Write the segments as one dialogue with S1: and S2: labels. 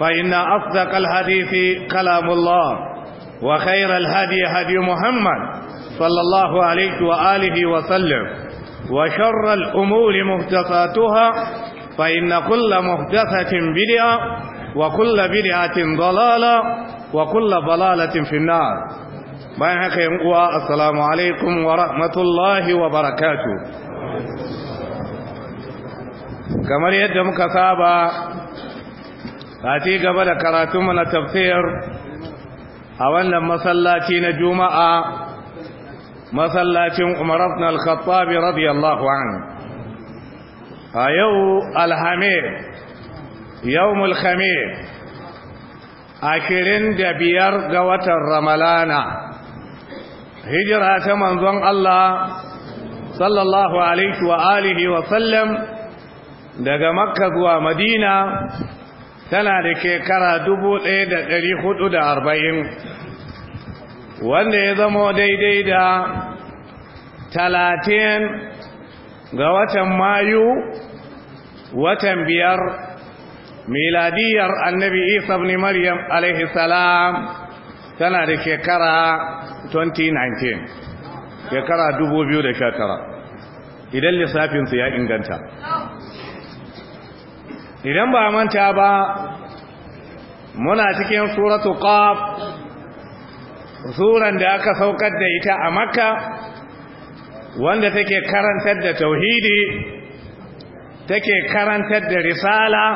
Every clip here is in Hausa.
S1: فإن أصدق الحديث كلام الله وخير الهدي هدي محمد صلى الله عليه وآله وسلم وشر الأمور مهتفاتها فإن كل مهتفة بدعة وكل بدعة ضلالة وكل ضلالة في النار السلام عليكم ورحمة الله وبركاته كما yadda muka a ci gaba da karatunmu na tafsir a wannan masallaci na juma'a masallacin umar ibn al-khattab radiyallahu anhu a yau alhamir yawmul khamir ashirin da biyar ga watan ramalana hijira ta manzon Allah sallallahu alaihi wa alihi wa sallam daga makka zuwa madina tana da shekara dubu ɗaya da ɗari hudu da arba'in wanda ya zama daidai da talatin ga watan mayu watan biyar miladiyar annabi isa ibn maryam alaihi salam tana da shekara 2019 shekara 2019 idan lissafinsu ya inganta idan ba manta ba muna cikin suratu qaf suran da aka saukar da ita a makka wanda take karantar da tauhidi take karantar da risala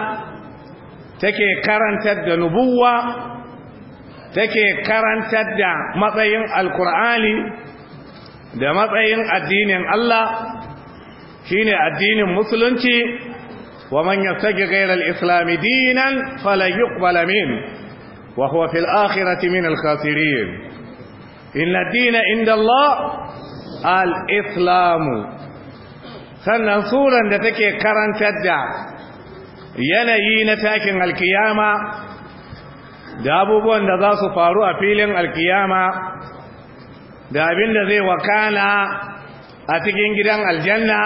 S1: take karantar da nubuwa take karantar da matsayin alkur'ani da matsayin addinin Allah shine addinin musulunci ومن يبتغي غير الإسلام دينا فلن يقبل منه وهو في الآخرة من الخاسرين إن الدين عند الله الإسلام sannan suran da take karantar da yanayi na takin alkiyama da abubuwan da za su faru a filin alkiyama da abin da zai wakana a cikin gidan aljanna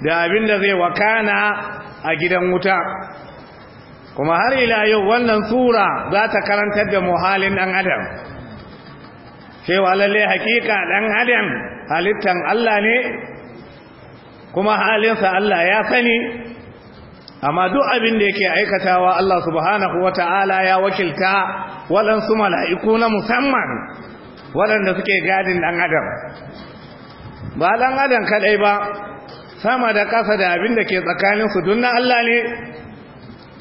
S1: da abin da zai wakana a gidan wuta kuma har ila yau wannan sura za ta karantar da muhalin ɗan adam cewa lalle hakika ɗan adam halittan Allah ne kuma halinsa Allah ya sani amma duk abin da yake aikatawa Allah subhanahu ta'ala ya wakilta waɗansu mala'iku na musamman waɗanda suke gadin ɗan adam ba ɗan adam kaɗai ba sama da kasa da abin da ke tsakaninsu don na Allah ne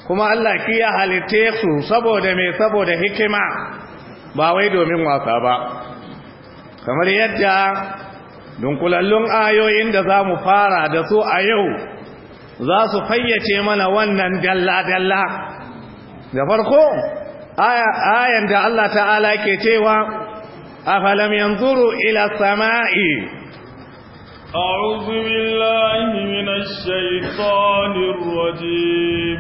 S1: kuma Allah ki ya halitte su saboda mai saboda hikima ba wai domin wasa ba kamar yadda dunkulallun ayoyin da za mu fara da su a yau za su fayyace mana wannan dalla-dalla da farko ayan da Allah ta'ala ke cewa afalam yanzuru ila sama'i
S2: أعوذ بالله من الشيطان الرجيم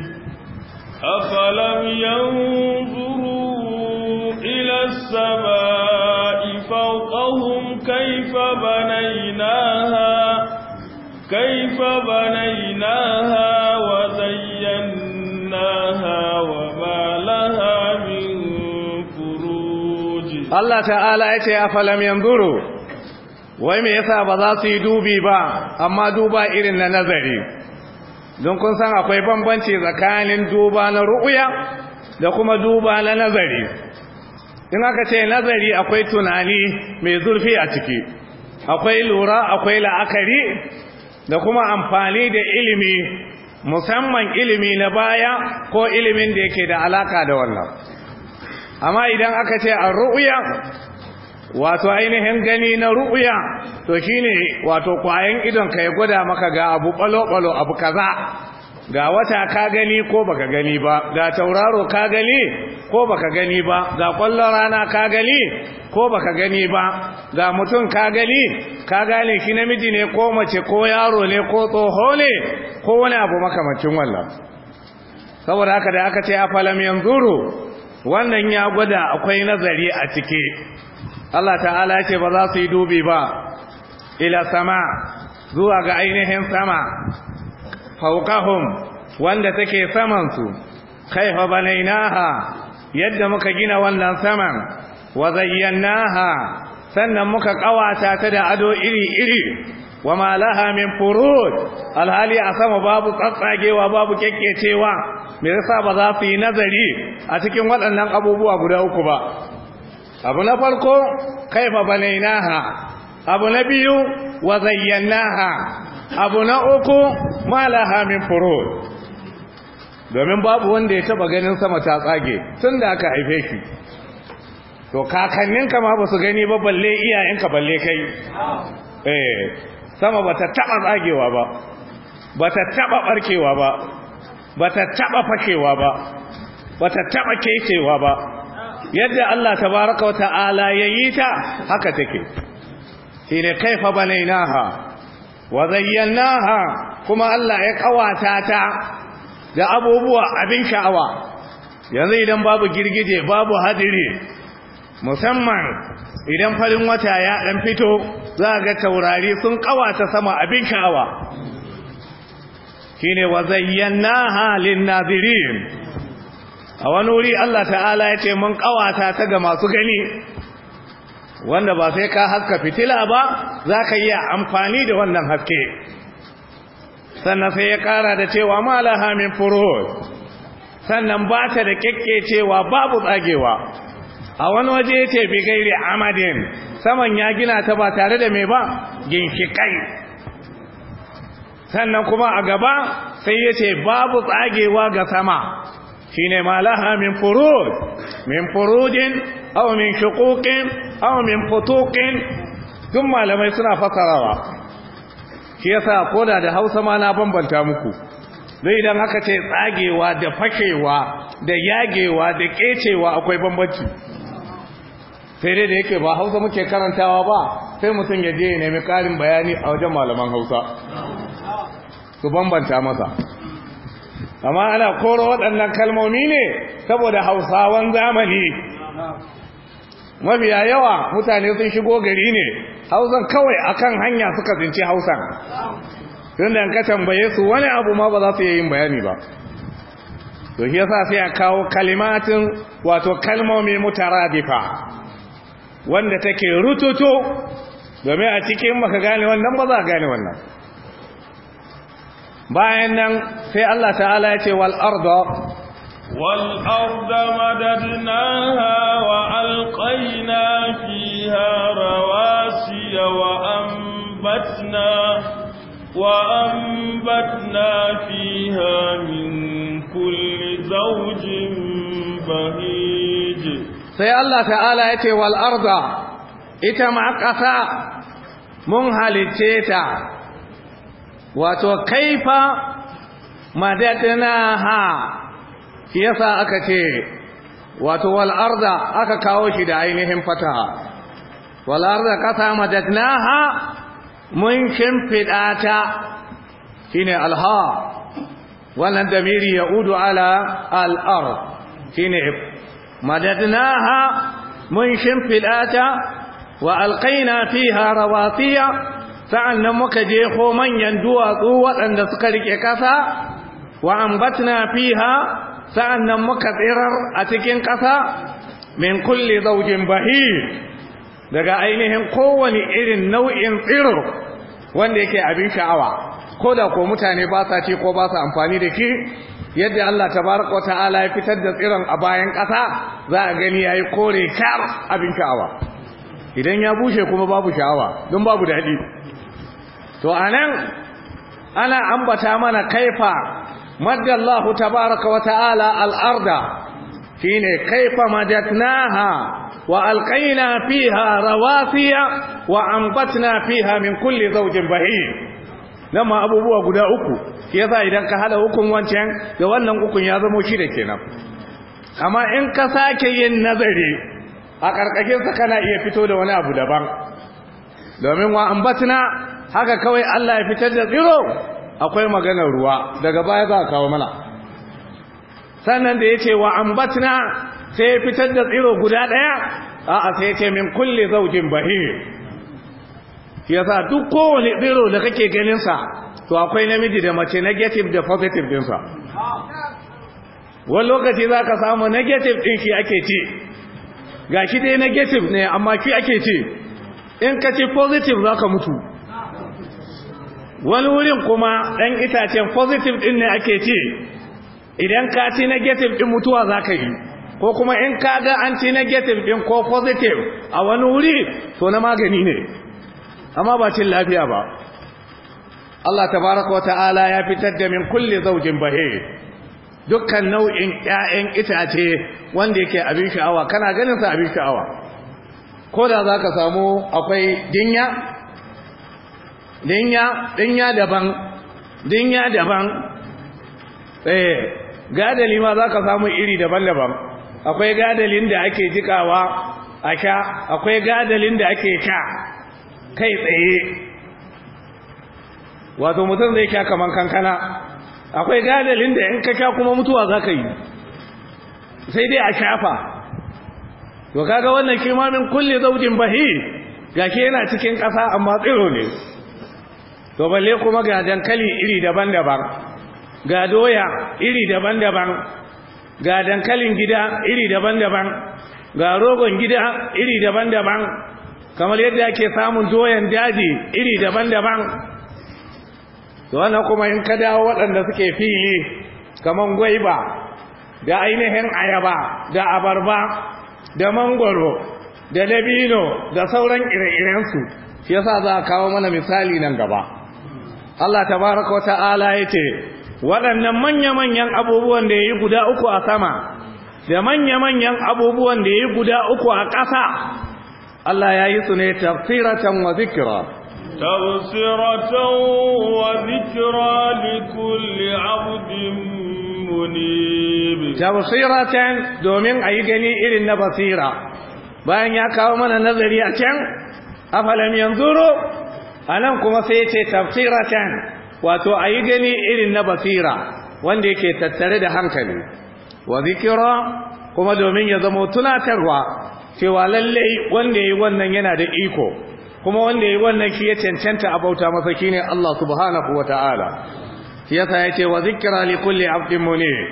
S2: أفلم ينظروا إلى السماء فوقهم كيف بنيناها كيف بنيناها وزيناها وما
S1: لها من فروج الله تعالى يتي أفلم ينظروا wai me yasa ba za su yi dubi ba amma duba irin na nazari don kun san akwai bambanci tsakanin duba na ru'uya da kuma duba na nazari in aka ce nazari akwai tunani mai zurfi a ciki akwai lura akwai la'akari da kuma amfani da ilimi musamman ilimi na baya ko ilimin da yake da alaka da wannan amma idan aka ce a ru'uya wato ainihin gani na ru'uya to shine wato kwayan idon ka ya gwada maka ga abu balo-balo abu kaza ga wata ka gani ko baka gani ba ga tauraro ka gani ko baka gani ba ga kwallon rana ka gani ko baka gani ba ga mutum ka gani ka gane shi namiji ne ko mace ko yaro ne ko tsoho ne ko wani abu makamacin wannan saboda haka da aka ce a falam yanzuru wannan ya gwada akwai nazari a cike Allah ta'ala yake ba za su yi dubi ba ila sama zuwa ga ainihin sama fawqahum wanda take saman su kaifa banainaha yadda muka gina wannan saman wa zayyannaha sannan muka kawata ta da ado iri iri wa malaha min furud alhali a sama babu tsatsagewa babu kekkecewa me yasa ba za su yi nazari a cikin waɗannan abubuwa guda uku ba abu na farko kaifa naha. abu na biyu wa naha abu na uku malaha min furu domin babu wanda ya taba ganin sama ta tsage tun da aka haife shi. to kakanninka ma ba su gani ba balle iyayenka balle kai eh sama ba ta taba tsagewa ba ba ta taba barkewa ba ba ta taba fashewa ba ba ta taba kecewa ba yadda Allah tabaraka wa ta'ala yayi ta haka take shine kaifa banainaha wa zayyanaha kuma Allah ya kawata ta da abubuwa abin sha'awa yanzu idan babu girgije babu hadiri musamman idan farin wata ya dan fito za ga taurari sun kawata sama abin sha'awa shine wa zayyanaha lin-nazirin a wani wuri Allah ta'ala ya ce mun kawata ta ga masu gani wanda ba sai ka haska fitila ba za ka iya amfani da wannan haske sannan sai ya kara da cewa malaha min furo sannan ba ta da cewa babu tsagewa a wani waje ya ce bigairi amadin saman ya gina ta ba tare da mai ba ginshikai sannan kuma a gaba sai ya ce babu tsagewa ga sama shine ma laha min furud min furudin aw min shuquqin aw min futuqin duk malamai suna fasarawa shi yasa koda da Hausa ma na bambanta muku zai idan aka ce tsagewa da fashewa da yagewa da kecewa akwai bambanci sai dai da yake ba Hausa muke karantawa ba sai mutum ya je ya nemi karin bayani a wajen malaman Hausa su bambanta masa amma ana koro waɗannan kalmomi ne saboda hausawan zamani mafiya yawa mutane sun shigo gari ne hausan kawai akan hanya suka tsinci hausan tun da ka tambaye su wani abu ma ba za su yin bayani ba to shi yasa sai a kawo kalimatin wato kalmomi mutaradifa wanda take rututu domin a cikin maka gane wannan ba za a gane wannan bayan nan sai Allah ta'ala ya ce wal arda
S2: wal arda madadnaha wa alqayna fiha siya wa anbatna wa anbatna fiha min kulli zawjin
S1: bahij sai Allah ta'ala ya ce wal arda ita ma ƙasa mun halicce ta wato kaifa madadnaha yasa aka ce wato wal arda aka kawo shi da ainihin fataha wal arda kasa madadnaha mun shimfida ta shine alha wannan damiri ya udu ala al ard shine madadnaha mun shimfida ta wa alqaina fiha rawatiya sa'an nan muka je ko manyan duwatsu waɗanda suka rike ƙasa wa ambatna fiha sa'an nan muka tsirar a cikin ƙasa min kulle zaujin bahi daga ainihin kowane irin nau'in tsiro wanda yake abin sha'awa ko da ko mutane ba sa ce ko ba sa amfani da ke, yadda Allah ta wa ta'ala ya fitar da tsiron a bayan ƙasa za a gani ya yi kore kar abin sha'awa idan ya bushe kuma babu sha'awa don babu daɗi to anan ana ambata mana kaifa madda Allah tabaaraka wa ta'ala al-arda shine kaifa madatnaha wa alqayna fiha rawasiya wa ambatna fiha min kulli zawjin bahij ma abubuwa guda uku yasa idan ka hada hukun wancan da wannan hukun ya zama shi da kenan amma in ka sake yin nazari a karkashin sa kana iya fito da wani abu daban domin wa ambatna haka kawai Allah ya fitar da tsiro akwai maganar ruwa daga baya za a kawo mana sannan da ya ce wa ambatna sai ya fitar da tsiro guda ɗaya a'a sai ya ce min kulle zaujin bahir ya sa duk kowane tsiro da kake ganinsa to akwai namiji da mace negative da positive ɗinsa wani lokaci za ka samu negative ɗin shi ake ci ga shi dai negative ne amma shi ake ci in ka ci positive za ka mutu wani wurin kuma ɗan itacen positive ɗin ne ake ce idan ka ci negative ɗin mutuwa za ka yi ko kuma in ka ga an ci negative ɗin ko positive a wani wuri to na magani ne amma ba cin lafiya ba Allah tabaraka wa ta'ala ya fitar da min kulle zaujin bahe dukkan nau'in 'ya'yan itace wanda yake abin sha'awa kana ganin sa abin sha'awa ko da zaka samu akwai jinya? dinya dinya daban dinya daban eh gadali ma zaka samu iri daban-daban akwai gadalin da ake jikawa a sha akwai gadalin da ake sha kai tsaye wato mutum zai sha kaman kankana akwai gadalin da in ka sha kuma mutuwa zaka yi sai dai a shafa to kaga wannan kimanin kulli zaujin bahi gake yana cikin ƙasa amma tsiro ne to balle kuma ga dankali iri daban-daban ga doya iri daban-daban ga dankalin gida iri daban-daban ga rogon gida iri daban-daban kamar yadda ake samun doyan daji iri daban-daban to wannan kuma in ka dawo waɗanda suke fili kamar gwaiba da ainihin ayaba da abarba da mangoro da labino da sauran ire-irensu shi yasa za a kawo mana misali nan gaba Allah tabaraka wa ta'ala yace waɗannan manya-manyan abubuwan da yayi guda uku a sama da manya-manyan abubuwan da yayi guda uku a ƙasa Allah yayi su ne tafsiratan wa zikra
S2: tafsiratan wa zikra kulli 'abdin munib
S1: tafsiratan domin ayi gani irin na basira bayan ya kawo mana nazari a can afalam yanzuru anan kuma sai yace tafsiratan wato ayi gani irin na basira wanda yake tattare da hankali wa zikra kuma domin ya zama tunatarwa cewa lallai wanda yayi wannan yana da iko kuma wanda yayi wannan shi ya cancanta a bauta masa shine Allah subhanahu wataala yasa yace wa zikra li kulli abdin munib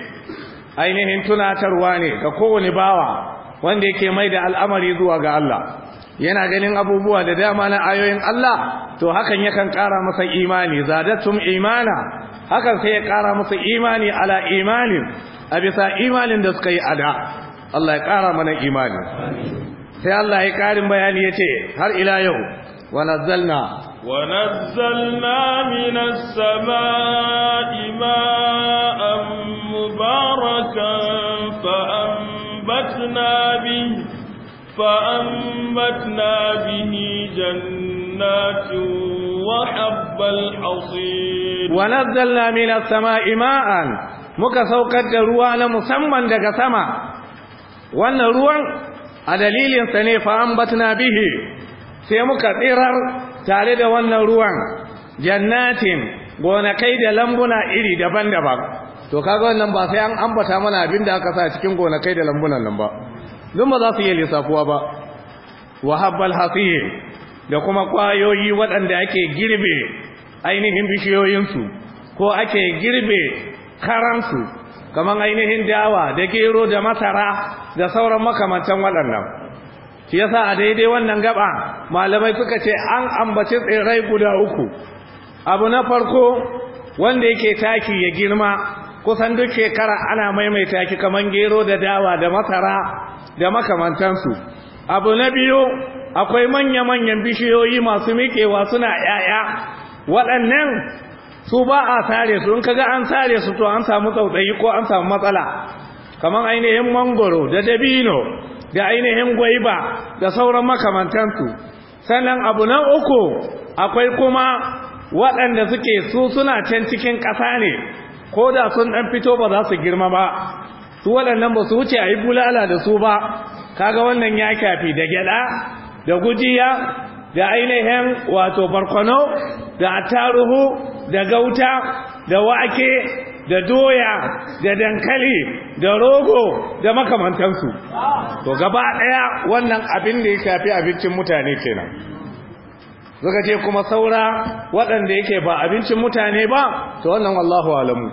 S1: ainihin tunatarwa ne ga kowane bawa wanda yake mai da al'amari zuwa ga Allah yana ganin abubuwa da dama na ayoyin Allah to hakan yakan ƙara masa imani zadatum imana hakan sai ya ƙara masa imani ala imanin abisa bisa imanin da suka yi ada Allah ya ƙara mana imani sai Allah ya ƙarin bayani ya ce har ila yau wa nazzalna
S2: wa nazzalna minas sama'i ma'an mubarakan fa anbatna bihi فأنبتنا به جنات وحب الحصيد
S1: ونزلنا من السماء ماء muka saukar da ruwa na musamman daga sama wannan ruwan a dalilinsa ne fa'ambatna bihi sai muka tsirar tare da wannan ruwan jannatin gonakai da lambuna iri daban-daban to kaga wannan ba sai an ambata mana abin da aka sa cikin gonakai da lambunan nan ba don ba za su iya lissafuwa ba wa habbal da kuma kwayoyi waɗanda ake girbe ainihin bishiyoyinsu ko ake girbe karansu kamar ainihin dawa da gero da masara da sauran makamantan waɗannan shi yasa a daidai wannan gaba malamai suka ce an ambaci tsirrai guda uku abu na farko wanda yake taki ya girma kusan duk shekara ana maimaita ki kaman gero da dawa da masara da makamantansu abu na biyu akwai manya-manyan bishiyoyi masu miƙewa suna ‘ya'ya waɗannan su ba a sare su in kaga an sare su to an samu tsautsayi ko an samu matsala kaman ainihin mangoro da dabino da ainihin gwaiba da sauran makamantansu sannan abu na uku akwai kuma waɗanda suke su suna can cikin ƙasa ne ko da sun ɗan fito ba za su girma ba su waɗannan ba su wuce a yi bulala da su ba kaga wannan ya kafi da gyaɗa, da gujiya da ainihin wato barkwano da attaruhu da gauta da wake da doya da dankali da rogo da makamantansu to gaba ɗaya wannan abin da ya shafi abincin mutane kenan zaka ce kuma saura waɗanda yake ba abincin mutane ba to wannan wallahu alamu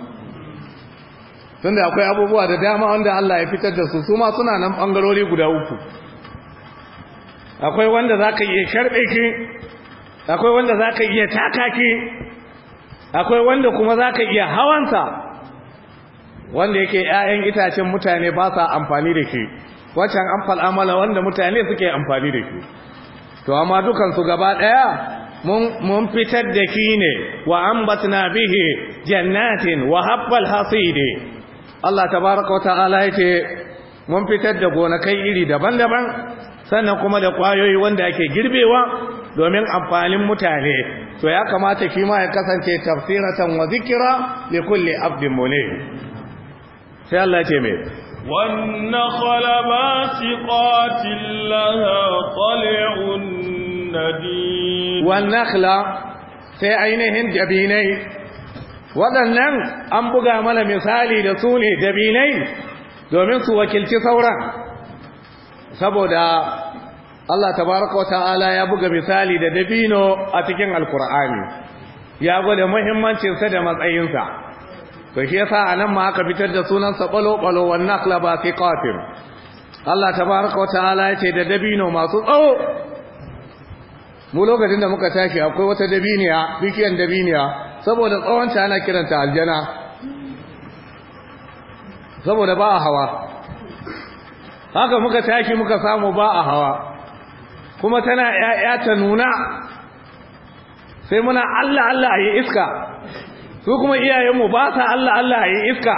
S1: tunda akwai abubuwa da dama wanda Allah ya fitar da su su ma suna nan bangarori guda uku akwai wanda zaka iya karbe ki akwai wanda zaka iya taka ki akwai wanda kuma zaka iya hawansa wanda yake ƴaƴan itacen mutane ba sa amfani da ke waccan amfal amala wanda mutane suke amfani da ke to amma dukansu gaba ɗaya mun fitar da ki ne wa ambatna bihi jannatin wa habbal hasidi Allah tabaraka wa ta'ala yake mun fitar da gonakai iri daban-daban sannan kuma da kwayoyi wanda ake girbewa domin amfanin mutane to ya kamata ki ma ya kasance tafsiratan wa zikira li kulli abdin munib sai Allah ya ce mai
S2: والنخل باسقات لها طلع
S1: نديد والنخل sai ainihin dabinai waɗannan an buga mana misali da su ne dabinai domin su wakilci sauran saboda Allah tabaraka wa ta'ala ya buga misali da dabino a cikin alkur'ani ya gwada muhimmancinsa da matsayinsa to shi yasa anan ma aka fitar da sunan sa balo balo wan naqla ba fi qatir Allah tabaaraka wa ta'ala yace da dabino masu tsawo mu lokacin da muka tashi akwai wata dabiniya bikiyan dabiniya saboda tsawon ta ana kiranta aljana saboda ba a hawa haka muka tashi muka samu ba a hawa kuma tana 'ya'ya ta nuna sai muna Allah Allah a yi iska su kuma iyayenmu ba sa Allah Allah ya iska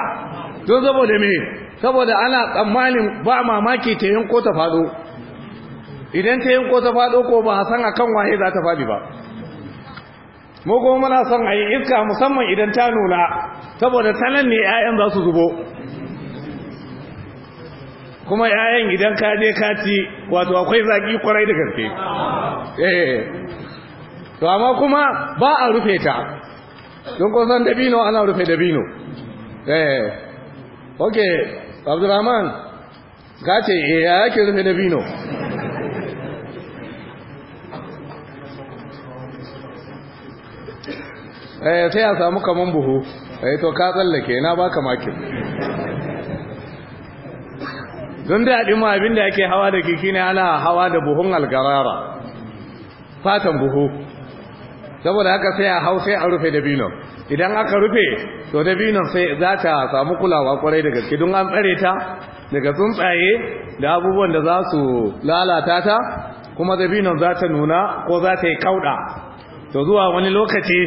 S1: to saboda me saboda ana tsammanin ba mamaki ta yanko ta fado idan ta yanko ta fado ko ba san akan waye za ta fadi ba mu kuma muna son a yi iska musamman idan ta nuna saboda nan ne 'ya'yan za su zubo kuma 'ya'yan idan ka je ka ci wato akwai zaki kwarai da gaske eh to amma kuma ba a rufe ta don kun san dabino ana rufe dabino eh ok abdurrahman gace ce eh ya yake rufe dabino eh sai a samu kaman buhu eh to ka tsallake na baka makin don daɗin ma abinda yake hawa da kiki ne ana hawa da buhun algarara fatan buhu saboda haka sai a hau sai a rufe dabinon idan aka rufe to dabinon sai za ta samu kulawa kwarai da gaske don an tsare ta daga tsuntsaye da abubuwan da za su lalata ta kuma dabinon za ta nuna ko za ta yi kauɗa to zuwa wani lokaci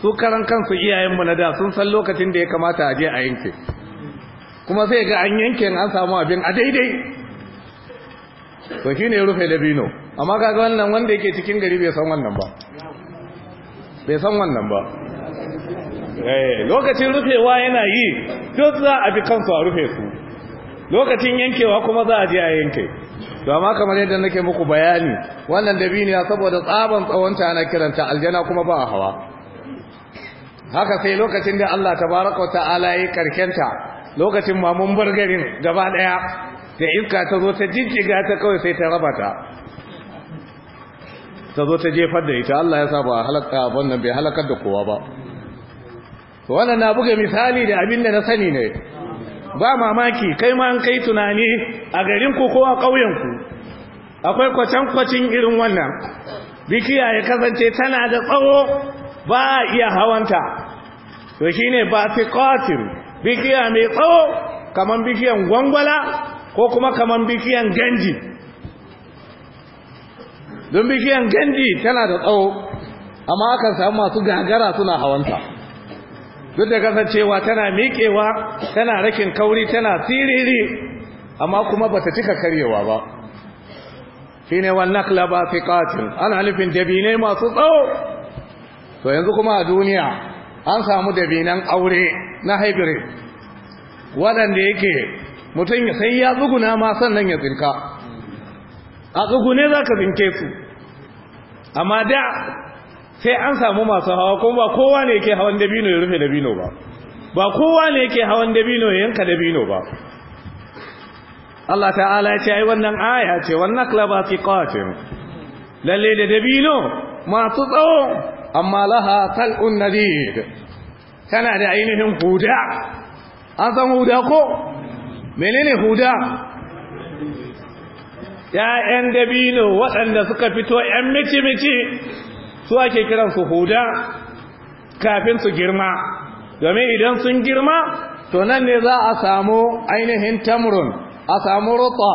S1: su karan kansu iyayenmu na da sun san lokacin da ya kamata a je a yanke kuma sai ga an yanke an samu abin a daidai to shine rufe dabino amma kaga wannan wanda yake cikin gari bai san wannan ba bai san wannan ba eh, lokacin rufewa yana yi duk za a bi kansu a rufe su lokacin yankewa kuma za a ji a yanke to amma kamar yadda nake muku bayani wannan dabiniya saboda tsaban tsawonta ana kiranta aljana kuma ba hawa haka sai lokacin da Allah tabaraka wa ta'ala ya karkenta lokacin ma mun bar garin gaba daya da iska ta zo ta jijjiga ta kawai sai ta raba ta ta zo ta jefar da ita Allah ya sa ba halaka wannan bai halakar da kowa ba wannan na buga misali da abin da na sani ne ba mamaki kai ma an kai tunani a garin ku ko a ƙauyen ku akwai kwacan kwacin irin wannan bikiya ya kasance tana da tsawo ba a iya hawanta to shine ba fi bikiya mai tsawo kaman bikiyan gwangwala ko kuma kaman bikiyan ganji don bishiyan gandi tana da tsawo amma akan samu masu gagara suna hawanta duk da kasancewa tana miƙewa tana rakin kauri tana siriri amma kuma bata cika karyewa ba Shi ne wan nakla ba katin ana nufin dabine masu tsawo to yanzu kuma a duniya an samu dabinan aure na hybrid waɗanda yake mutum sai ya tsuguna ma sannan ya tsinka a tsugune za ka zinke su amma da sai an samu masu hawa kuma ba kowa ne ke hawan dabino ya rufe dabino ba ba kowa ne ke hawan dabino ya yanka dabino ba Allah ta'ala ya ce ai wannan aya ce wannan klaba qatim lalle da dabino masu tsawo amma laha tal'un nadid tana da ainihin huda an san huda ko menene huda ‘ya'yan dabino waɗanda suka fito ‘yan mici-mici su ake kiransu huda kafin su girma domin idan sun girma to nan ne za a samu ainihin tamurun, a samu rutsa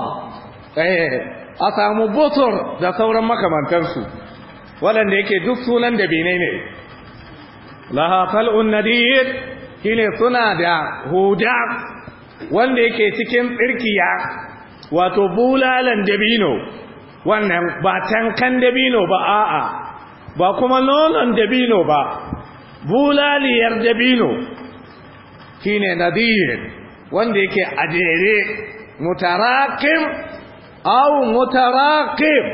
S1: eh, a samu butur da sauran makamantarsu waɗanda yake duk sunan dabinai ne Lahafal fal'un shine suna da huda wanda yake cikin tsirkiya wato bulalan dabino wannan ba tankan dabino ba a'a ba kuma nonon dabino ba bulaliyar dabino shine nadir wanda yake ajere mutaraqim aw mutaraqim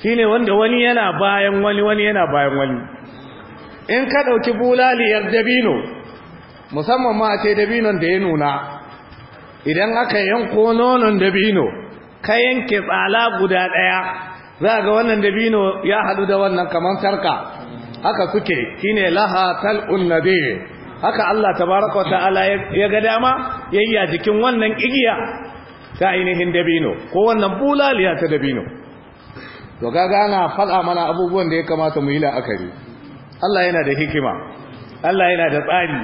S1: shine wanda wani yana bayan wani wani yana bayan wani in ka dauki bulaliyar dabino musamman ma ce dabinon da ya nuna idan aka yanko nonon dabino ka yanke tsala guda ɗaya za ga wannan dabino ya haɗu da wannan kamar tarka haka suke shine laha tal'un nabi haka Allah tabaraka ta'ala ya ga dama yayya jikin wannan igiya ta ainihin dabino ko wannan bulaliya ta dabino to ga faɗa mana abubuwan da ya kamata mu yi la'akari Allah yana da hikima Allah yana da tsari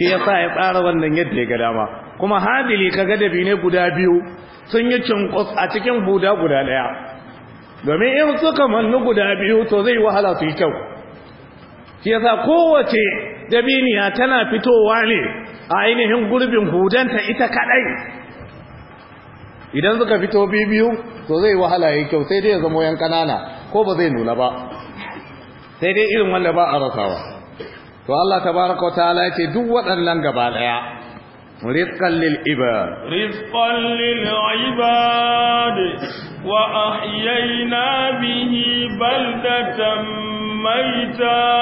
S1: shi sa ya tsara wannan yadda ya ga dama kuma hadili kaga da bine guda biyu sun yi cinkus a cikin huda guda daya domin in suka mannu guda biyu to zai wahala su yi kyau shi yasa kowace dabiniya tana fitowa ne a ainihin gurbin hudanta ita kadai idan suka fito biyu to zai wahala yi kyau sai dai ya zama yan kanana ko ba zai nuna ba sai dai irin wanda ba a rasawa to Allah tabaraka Taala ce duk waɗannan gaba daya رزقا للعباد
S2: رزقا للعباد وأحيينا به بلدة ميتا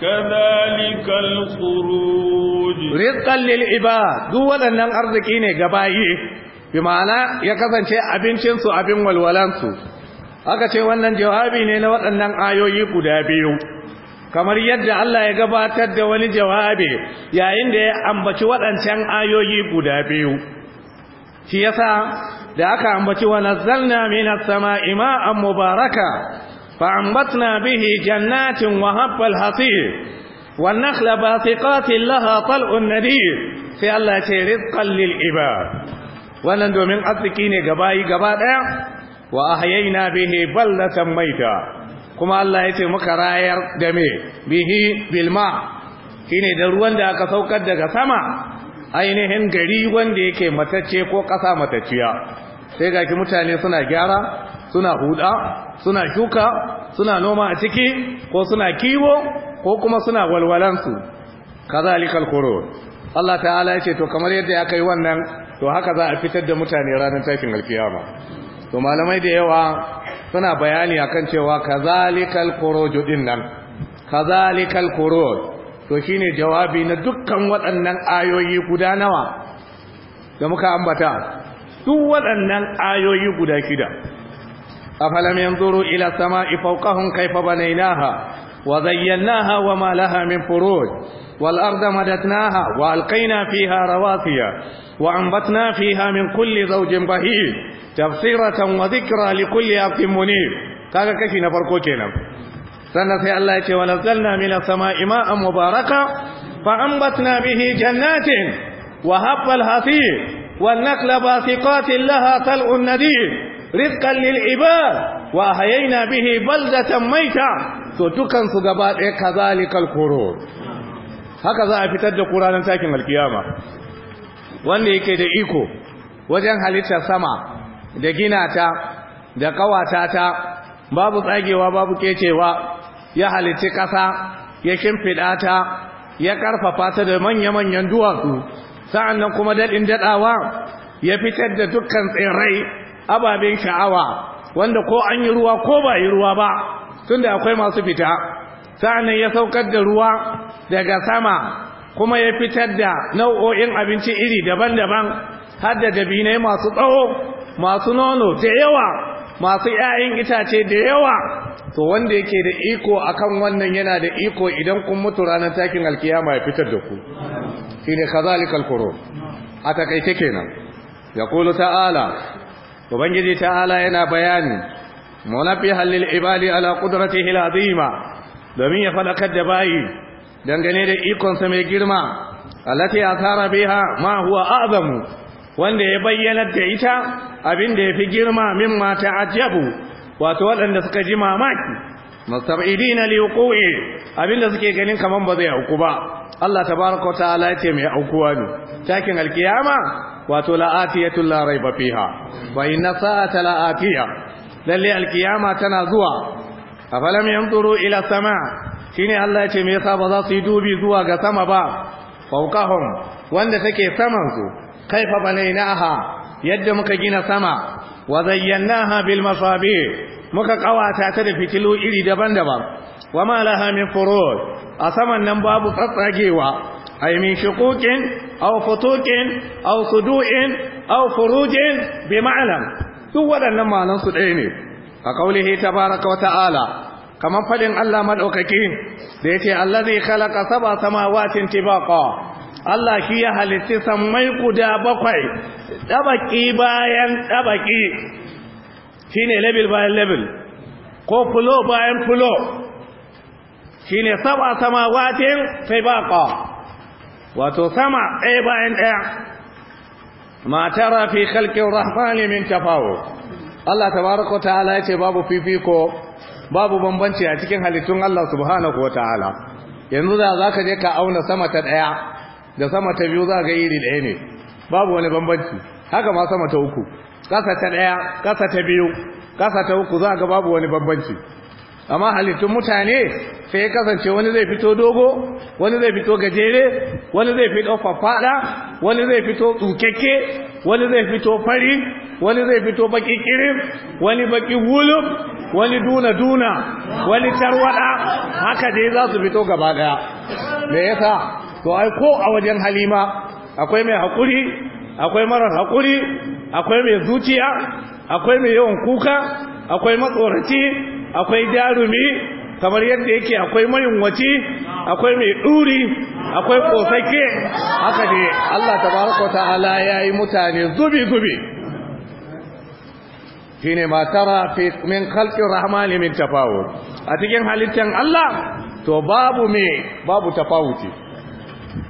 S2: كذلك
S1: الخروج رزقا للعباد دو ودنن arziki ne ga bi ma'ana ya kasance abincinsu abin walwalansu, haka ce wannan jawabi ne na waɗannan ayoyi guda biyu kamar yadda Allah ya gabatar da wani jawabi yayin da ya ambaci waɗancan ayoyi guda biyu shi yasa da aka ambaci wa nazzalna minas sama'i ma'an mubaraka fa ambatna bihi jannatin wa habbal hasir wan nakhla basiqatin laha tal'un nadir sai Allah ya ce rizqan lil ibad wannan domin arziki ne gabayi gaba daya wa ahyayna bihi ballatan maita kuma Allah ya ce muka rayar da me bihi bilma shine da ruwan da aka saukar daga sama ainihin gari wanda yake matacce ko ƙasa matacciya sai gaki mutane suna gyara suna huda suna shuka suna noma a ciki ko suna kiwo ko kuma suna walwalansu kazalikal qurun Allah ta'ala ya ce to kamar yadda aka yi wannan to haka za a fitar da mutane ranar tashin alkiyama to malamai da yawa suna bayani akan cewa kazalikal khuruj ɗinnan, nan kazalikal khuruj to shine jawabi na dukkan waɗannan ayoyi guda nawa da muka ambata duk waɗannan ayoyi guda shida afalam zuru ila sama'i fawqahum kaifa banainaha, wa zayyanaha wa ma laha min furuj wa مددناها وألقينا فيها رواسي وأنبتنا فيها من كل زوج بهيج tafsiratan wa dhikra li kulli abdin munib kaga kashi na farko kenan sannan sai Allah ya ce wa nazzalna minas sama'i ma'an mubaraka fa anbatna bihi jannatin wa habbal hasib wan nakla basiqatin laha tal'un nadir rizqan lil ibad wa ahyayna bihi baldatan mayta to dukan su gaba ɗaya kazalikal qurur haka za a fitar da qur'anin takin alkiyama wanda yake da iko wajen halittar sama da gina ta da kawata ta babu tsagewa babu kecewa ya halitti ƙasa ya shimfiɗa ta ya ƙarfafa ta da manya-manyan duwatsu sa'an nan kuma daɗin daɗawa ya fitar da dukkan tsirrai ababen sha'awa wanda ko an yi ruwa ko ba yi ruwa ba tun da akwai masu fita sa'an nan ya saukar da ruwa daga sama kuma ya fitar da nau'o'in abinci iri daban-daban har da dabinai masu tsawo masu nono da yawa masu 'ya'yan itace da yawa to wanda yake da iko akan wannan yana da iko idan kun mutu ranar takin alkiyama ya fitar da ku shine kazalikal qurun a takaice kenan yaqulu ta'ala ubangiji ta'ala yana bayani munafi lil Ibali ala qudratihi alazima domin ya fadakar da bayi dangane da ikonsa mai girma allati athara biha ma huwa a'zamu wanda ya bayyanar da ita abin da ya fi girma min mata ajabu wato waɗanda suka ji mamaki musta'idina li abin da suke ganin kaman ba zai auku ba Allah tabaraka ta'ala ya ce mai aukuwa ne takin alkiyama wato la'atiyatul la raiba fiha wa inna sa'ata la'atiya lalle alkiyama tana zuwa afalam yanzuru ila sama shine Allah ya ce me yasa ba za su yi dubi zuwa ga sama ba fawqahum wanda take saman su kaifa banainaha yadda muka gina sama wa zayyanaha bil masabi muka kawata ta da fitilu iri daban-daban wa ma laha min furuj a saman nan babu tsatsagewa ay min shuqukin aw futukin aw sudu'in aw furujin bi ma'lam duk waɗannan malan su ɗaya ne a kaulihi tabaraka wa ta'ala kamar fadin Allah madaukaki da yace allazi khalaqa sab'a samawati tibaqa Allah shi ya halitti sammai guda bakwai ɗabaƙi bayan ɗabaƙi shi ne level bayan level ko fulo bayan fulo shi ne saba sama watin sai baƙa wato sama ɗaya bayan ɗaya ma tara fi halkin rahmani min tafawo Allah tabaraka ta'ala ce babu fifiko babu bambanci a cikin halittun Allah subhanahu ta'ala. yanzu da ka je ka auna sama ta ɗaya. da sama ta biyu za ga iri ɗaya ne babu wani bambanci haka ma sama ta uku ƙasa ta ɗaya ƙasa ta biyu ƙasa ta uku za ga babu wani bambanci amma halittun mutane sai ya kasance wani zai fito dogo wani zai fito gajere wani zai fito fafada wani zai fito tsukeke wani zai fito fari wani zai fito baki kirif, wani baƙi wulub wani duna duna wani tarwada haka dai za su fito gaba ɗaya. me yasa to ai ko a wajen halima akwai mai haƙuri, akwai marar haƙuri, akwai mai zuciya akwai mai yawan kuka akwai matsoraci akwai jarumi kamar yadda yake akwai mayunwaci akwai mai ɗuri, akwai kosake haka ne Allah tabaraka ta'ala yayi mutane zubi zubi shine ma tara fi min khalqir rahmani min tafawut a cikin halittan Allah to babu me babu tafawuti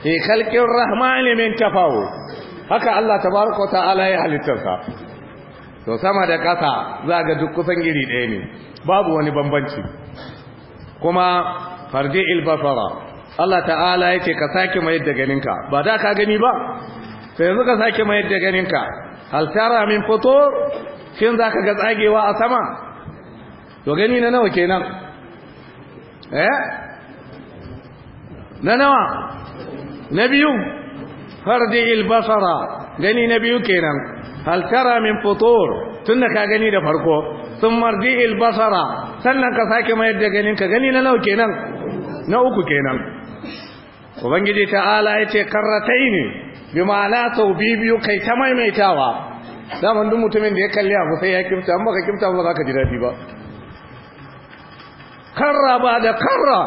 S1: fi kalkin rahmani min tafawu haka Allah ta tabaraka ta'ala ya halittarsa to sama da ƙasa za ga duk kusan giri ɗaya ne babu wani bambanci kuma farji'il basara Allah ta'ala yake ka sake mayar da ganinka ba da ka gani ba sai yanzu ka sake mayar da ganinka hal tara min futur shin zaka ga tsagewa a sama to gani na nawa kenan eh na nawa na biyu fardi ilbasara gani na biyu kenan hal tara min futur tunda ka gani da farko sun mardi ilbasara sannan ka sake mayar da ganin ka gani na nau kenan na uku kenan ubangiji ta'ala yace ne bi ma'ana sau biyu kai ta maimaitawa daman duk mutumin da ya kalli abu sai ya kimta amma ka kimta ba za ka ji daɗi ba karra ba da karra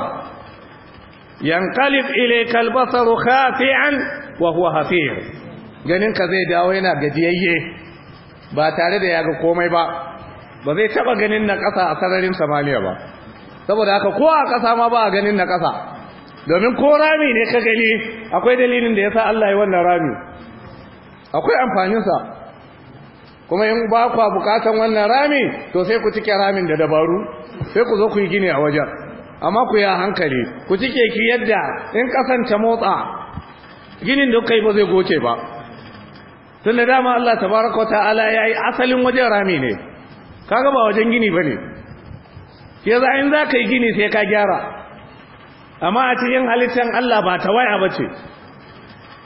S1: yanqalib ilayka albasaru khafi'an wa huwa hafir ganin ka zai dawo yana gajiyayye ba tare da yaga komai ba ba zai taba ganin na ƙasa a sararin samaniya ba saboda haka ko a ƙasa ma ba a ganin na ƙasa domin ko rami ne ka gani akwai dalilin da yasa Allah ya wannan rami akwai amfaninsa kuma in ba ku bukatan wannan rami to sai ku cike ramin da dabaru sai ku zo ku yi gini a wajen amma ku ya hankali ku ci ki yadda in kasan motsa ginin da kai ba zai goce ba tunda dama Allah tabaraka ya yi asalin wajen rami ne kaga ba wajen gini bane za in za ka yi gini sai ka gyara amma a cikin halittar Allah ba ta waya bace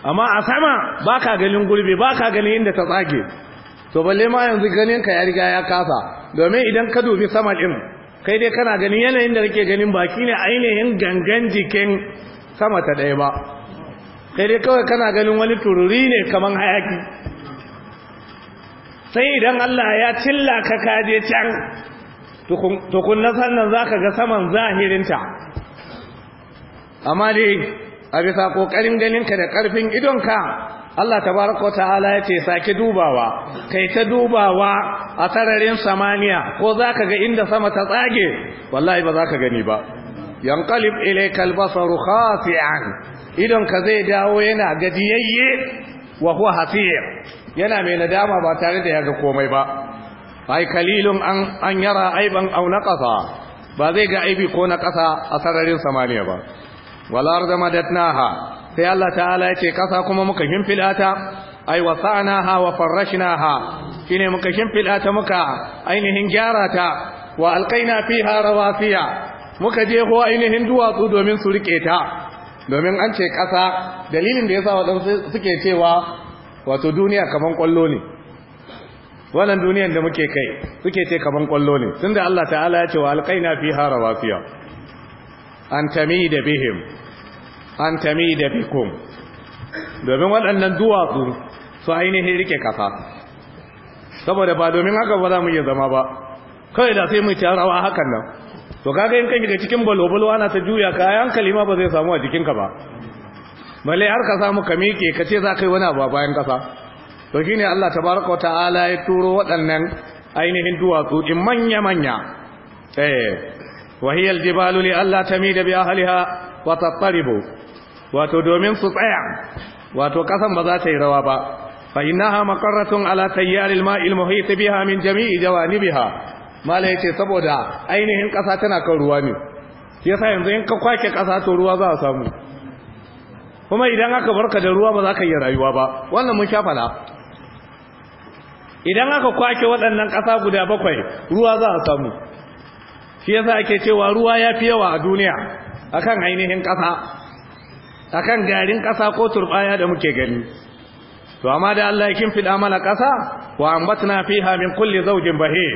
S1: amma a sama baka ganin gurbi baka ganin inda ta tsage to balle ma yanzu ganin ka ya riga ya kasa domin idan ka dubi sama din kai dai kana ganin yanayin da nake ganin baki ne ainihin gangan jikin sama ta ɗaya ba kai dai kawai kana ganin wani tururi ne kaman hayaki sai idan Allah ya cilla ka kaje can tukunna na sannan za ka ga saman zahirinta amma dai a bisa ƙoƙarin ganinka da ƙarfin idonka Allah tabaraka wa ta'ala ya ce saki dubawa kai ta dubawa a sararin samaniya ko zaka ga inda sama ta tsage wallahi ba zaka gani ba yanqalib ilayka albasaru khasi'an idan ka zai dawo yana gajiyayye wa huwa hasir yana mai nadama ba tare da ya ga komai ba ai kalilun an an yara aiban aw naqasa ba zai ga aibi ko naqasa a sararin samaniya ba wal ardama datnaha sai Allah ta'ala ya ce ƙasa kuma muka shimfiɗa ta ai ha wa ha shine muka shimfiɗa ta muka ainihin gyara ta wa alqaina fiha rawasiya muka je ho ainihin duwatsu domin su rike ta domin an ce ƙasa dalilin da yasa waɗansu suke cewa wato duniya kaman kwallo ne wannan duniyar da muke kai suke ce kaman kwallo ne tunda Allah ta'ala ya ce wa alqaina fiha rawasiya an tamida bihim an tami da bikum domin waɗannan duwatsu su ainihin rike kasa saboda ba domin haka ba za mu iya zama ba kawai da sai mu ci rawa hakan nan to kaga in kai daga cikin balobalo ana ta juya ka ai hankali ma ba zai samu a jikinka ba balle har ka samu ka miƙe ka ce za ka yi wani abu a bayan kasa to shine Allah tabaraka ta'ala ya turo waɗannan ainihin duwatsu in manya manya eh wa hiya al-jibalu li alla tamida bi ahliha wa tattaribu wato domin su tsaya wato kasan ba za ta yi rawa ba fa innaha maqarratun ala tayyaril ma'il muhit biha min jami'i jawanibiha mala yace saboda ainihin kasa tana kan ruwa ne yasa yanzu in ka kwake kasa to ruwa za a samu kuma idan aka barka da ruwa ba za ka yi rayuwa ba wannan mun sha fala idan aka kwake waɗannan kasa guda bakwai ruwa za a samu shi yasa ake cewa ruwa ya fi yawa a duniya akan ainihin kasa akan garin ƙasa ko turbaya da muke gani to amma da Allah yakin fida mana ƙasa wa ambatna fiha min kulli zawjin bahir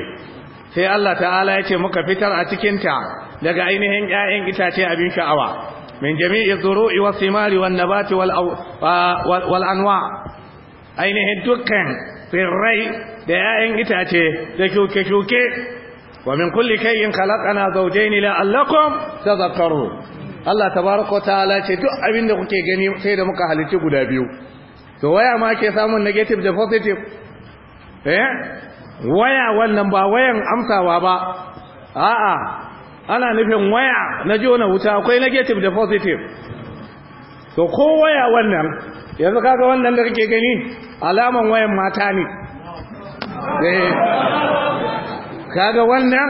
S1: sai Allah ta'ala ya ce muka fitar a cikin ta daga ainihin ƴaƴan itace abin sha'awa min jami'i zuru'i was simari wan nabati wal wal anwa ainihin dukkan tsirrai da ƴaƴan itace da shuke-shuke wa min kulli kayyin khalaqana zawjayn la'allakum tadhakkarun Allah tabaraka ta'ala ce duk abin da kuke gani sai da muka halitta guda biyu to waya ma ke samun negative da positive eh waya wannan ba wayan amsawa ba a'a ana nufin waya na jona wuta akwai negative da positive to ko waya wannan yanzu kaga wannan da kake gani alaman wayan mata ne eh kaga wannan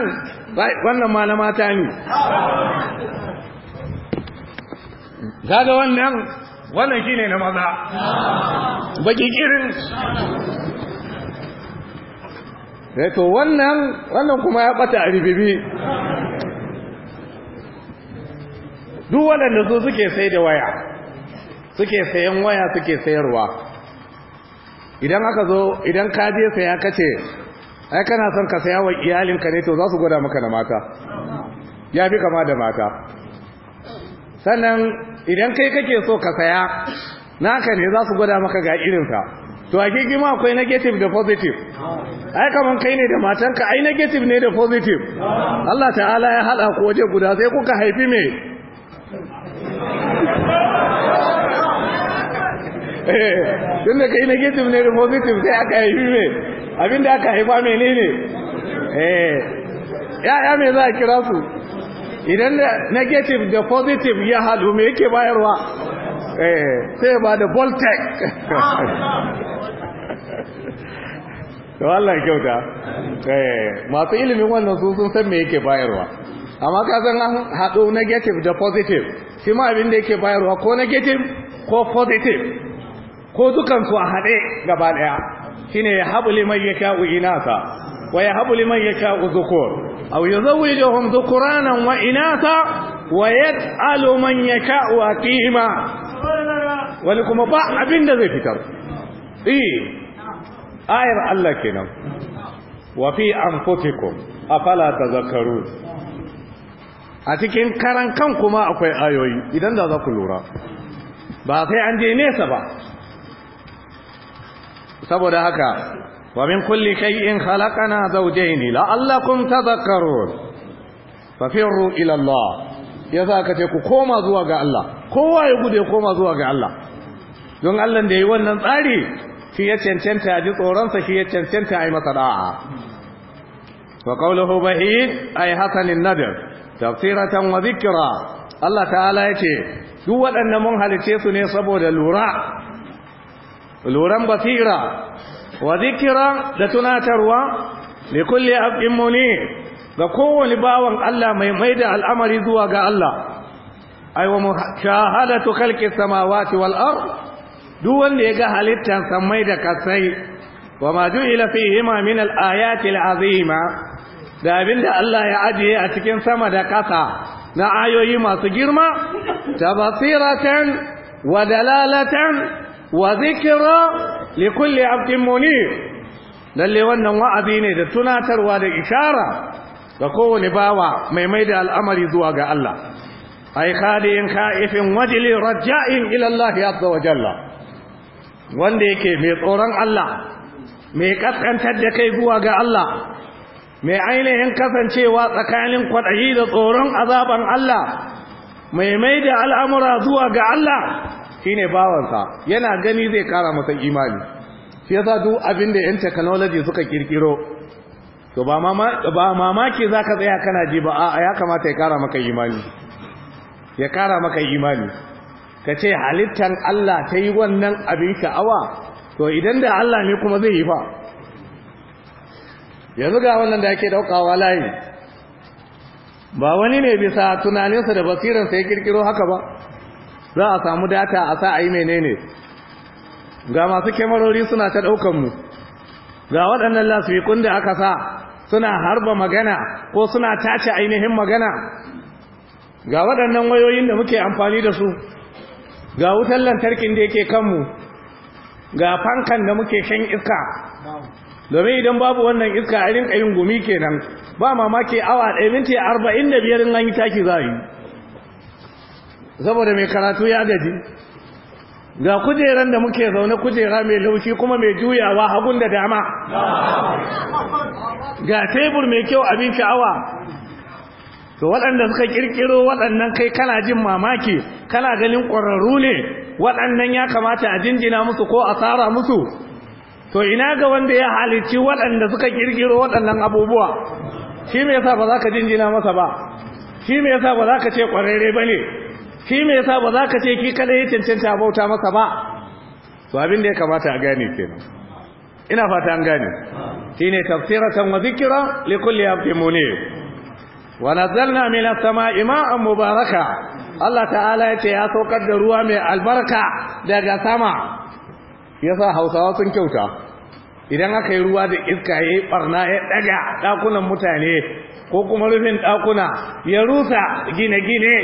S1: wannan ma na mata ne kaga wannan wannan shine na maza baki kirin sai eh, to wannan wannan kuma ya bata a ribibi duk waɗanda su suke sai da waya suke sayan waya suke sayarwa idan aka zo idan ka je saya ka ce ai kana son ka saya wa iyalinka ne to za su gwada maka da mata ya fi kama da mata sannan idan kai kake so ka saya naka ne za su gwada maka ga irinka to a gigima akwai negative da positive ai kaman kai ne da matanka ai negative ne da positive Allah ta'ala ya hada ku waje guda sai kuka haifi me eh tun da kai negative ne da positive sai aka haifi me abinda aka haifa menene eh ya'ya me za a kira su idan negative da positive ya haɗu me yake bayarwa eh, sai ba da voltec to Allah kyauta eh, masu ilimin wannan sun sun san me yake bayarwa amma ka zan haɗu negative da positive shi ma abin da yake bayarwa ko negative ko positive ko dukansu a haɗe gaba ɗaya shine ya haɓu liman ya sha'u inasa wa ya haɓu liman ya sha'u zukur أو يزوجهم ذكرانا وإناثا ويسأل من يشاء أتيهما ولكم با أبين ذي فتر إيه آية الله كنا وفي أنفسكم أفلا تذكرون a cikin karan kan kuma akwai ayoyi idan da za ku lura ba sai an je nesa ba saboda haka ومن كل شيء خلقنا زوجين لعلكم تذكرون ففروا إلى الله يذاك تكو كوما زواغ الله كوا يقول كوما زواغ الله don Allah da yi wannan tsari shi ya cancanta ya ji sa shi ya cancanta a yi masa da'a wa qawluhu bahid ay hasanin nadir tafsiratan wa zikira. Allah ta'ala yace duk waɗannan mun halice su ne saboda lura luran basira wa da tunatarwa li kulli abdin ne ga kowane bawan Allah mai maida al'amari zuwa ga Allah Aiwa mu mushahadatu khalqi samawati wal ard duk wanda ya ga halittar samai da kasai wa ma ju'ila fihima min al ayati al azima da abinda Allah ya ajiye a cikin sama da kasa na ayoyi masu girma tabasiratan wa dalalatan wa zikra li kulli abdin munib lalle wannan wa'azi ne da tunatarwa da ishara ga kowane bawa mai mai da al'amari zuwa ga Allah Aika da khaifin wajli raja'in ila Allah azza wa jalla wanda yake mai tsoron Allah mai kaskantar da kai zuwa ga Allah mai ainihin kasancewa tsakanin kwaɗayi da tsoron azaban Allah mai mai da al'amura zuwa ga Allah shine bawansa yana gani zai kara masa imani shi yasa duk abin da yan technology suka kirkiro to ba mama ba ka zaka tsaya kana ji ba a ya kamata ya kara maka imani ya kara maka imani kace halittan Allah ta yi wannan abin sha'awa to idan da Allah ne kuma zai yi fa yanzu ga wannan da yake ɗaukawa layi ba wani ne bisa tunaninsa da basiransa ya kirkiro haka ba za a samu data a sa a yi menene ga masu kyamarori suna ta ɗaukanmu ga waɗannan lasfikun da aka sa suna harba magana ko suna tace ainihin magana ga waɗannan wayoyin da muke amfani da su ga wutar lantarkin da yake kanmu ga fankan da muke shan iska domin idan babu wannan iska a rinka yin gumi kenan ba mamaki awa ɗaya minti arba'in da biyar in an yi taki za yi saboda mai karatu ya gaji ga kujeran da muke zaune kujera mai laushi kuma mai juyawa hagun da dama ga tebur mai kyau abin sha'awa to waɗanda suka kirkiro waɗannan kai kana jin mamaki kana ganin ƙwararru ne waɗannan ya kamata a jinjina musu ko a tsara musu to ina ga wanda ya halicci waɗanda suka kirkiro waɗannan abubuwa shi me yasa ba za ka jinjina masa ba shi me yasa ba za ka ce ƙwararre ba ne shi mai yasa ba za ka ce ki kada ya cancanta bauta masa ba to abin da ya kamata a gane nan ina fata an gane shine tafsiratan wa zikra li kulli mune. munib wa nazzalna min as-sama'i ma'an mubaraka Allah ta'ala ya ce ya saukar da ruwa mai albarka daga sama yasa Hausawa sun kyauta idan aka yi ruwa da iska ya yi barna ya daga dakunan mutane ko kuma rufin dakuna ya rusa gine-gine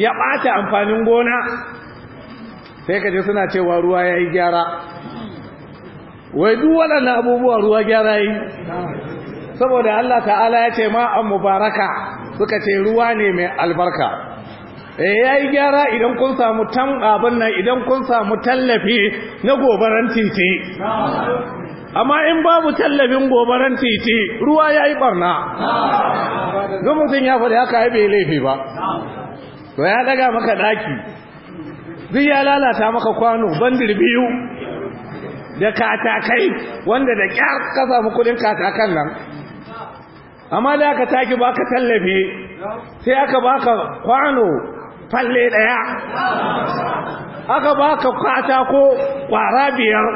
S1: ya ɓata amfanin gona sai ka je suna cewa ruwa ya yi gyara wai duk waɗannan abubuwa ruwa gyara yi saboda Allah ta'ala ya ce ma an mubaraka suka ce ruwa ne mai albarka E, ya yi gyara idan kun samu tan abin nan idan kun samu tallafi na gobaran titi amma in babu tallafin gobaran titi ruwa ya yi barna don mutum ya faɗi haka ya bai laifi ba to ya daga maka ɗaki zai ya lalata maka kwano bandir biyu da katakai wanda da kyar ka samu kudin katakan nan amma da aka taki ba ka tallafi sai aka ka kwano falle ɗaya aka baka ko kwara biyar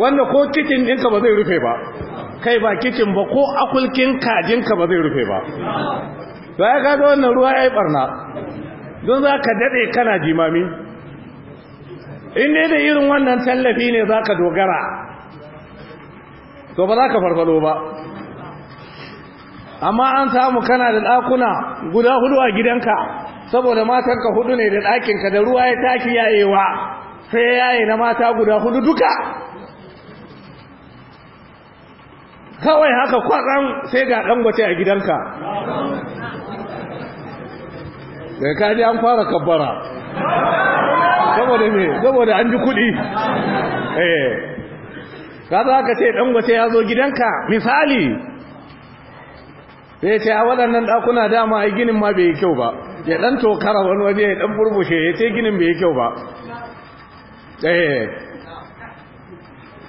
S1: wanda ko kicin ɗinka ba zai rufe ba kai ba kicin ba ko akulkin kajinka ba zai rufe ba to ya kaga wannan ruwa ya yi barna don za ka daɗe kana jimami in dai da irin wannan tallafi ne za ka dogara to ba za ka farfado ba amma an samu kana da ɗakuna guda hudu a gidanka saboda matanka hudu ne da ɗakinka da ruwa ya taki yayewa sai yaye na mata guda hudu duka kawai haka kwaɗan sai ga ɗangwace a gidanka da ji an fara kabbara saboda ne saboda an ji kuɗi eh ka za ka ce ɗangwace ya zo gidanka misali sai ce a waɗannan ɗakuna dama a ginin ma bai yi kyau ba ya dan tokara wani waje ya dan burbushe ya ce ginin bai kyau ba eh